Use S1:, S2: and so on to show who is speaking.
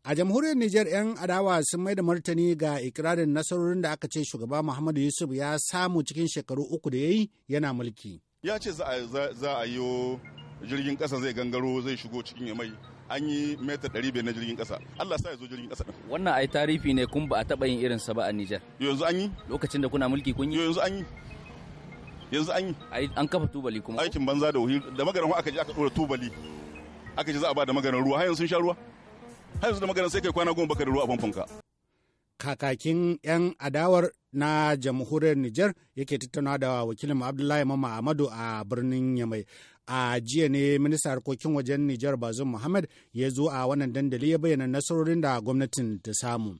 S1: A jamhuriyar Nijar 'yan adawa sun mai da martani ga ikirarin nasarorin da aka ce shugaba Muhammadu Yusuf ya samu cikin shekaru uku da ya yi yana mulki.
S2: Ya ce za a yi jirgin ƙasa zai gangaro zai shigo cikin ya mai an yi meta ɗari biyar na jirgin ƙasa Allah sa ya zo jirgin ƙasa
S3: Wannan ai tarihi ne kun ba a taɓa yin irin sa ba a Nijar. Yanzu an yi. Lokacin da kuna mulki kun yi. Yanzu an yi. yanzu an yi an kafa tubali kuma aikin banza da wuhi
S2: da magaran aka je aka ɗora tubali aka ce za a ba da maganin ruwa har yanzu sun sha ruwa har yanzu da magana sai kai kwana goma baka da ruwa a famfonka
S1: kakakin 'yan adawar na jamhuriyar Nijar yake tattauna da wakilin Abdullahi Mama Amadu a birnin Yamai. A jiya ne minista harkokin wajen Nijar Bazum Muhammad ya zo a wannan dandali ya bayyana nasarorin da gwamnatin ta samu.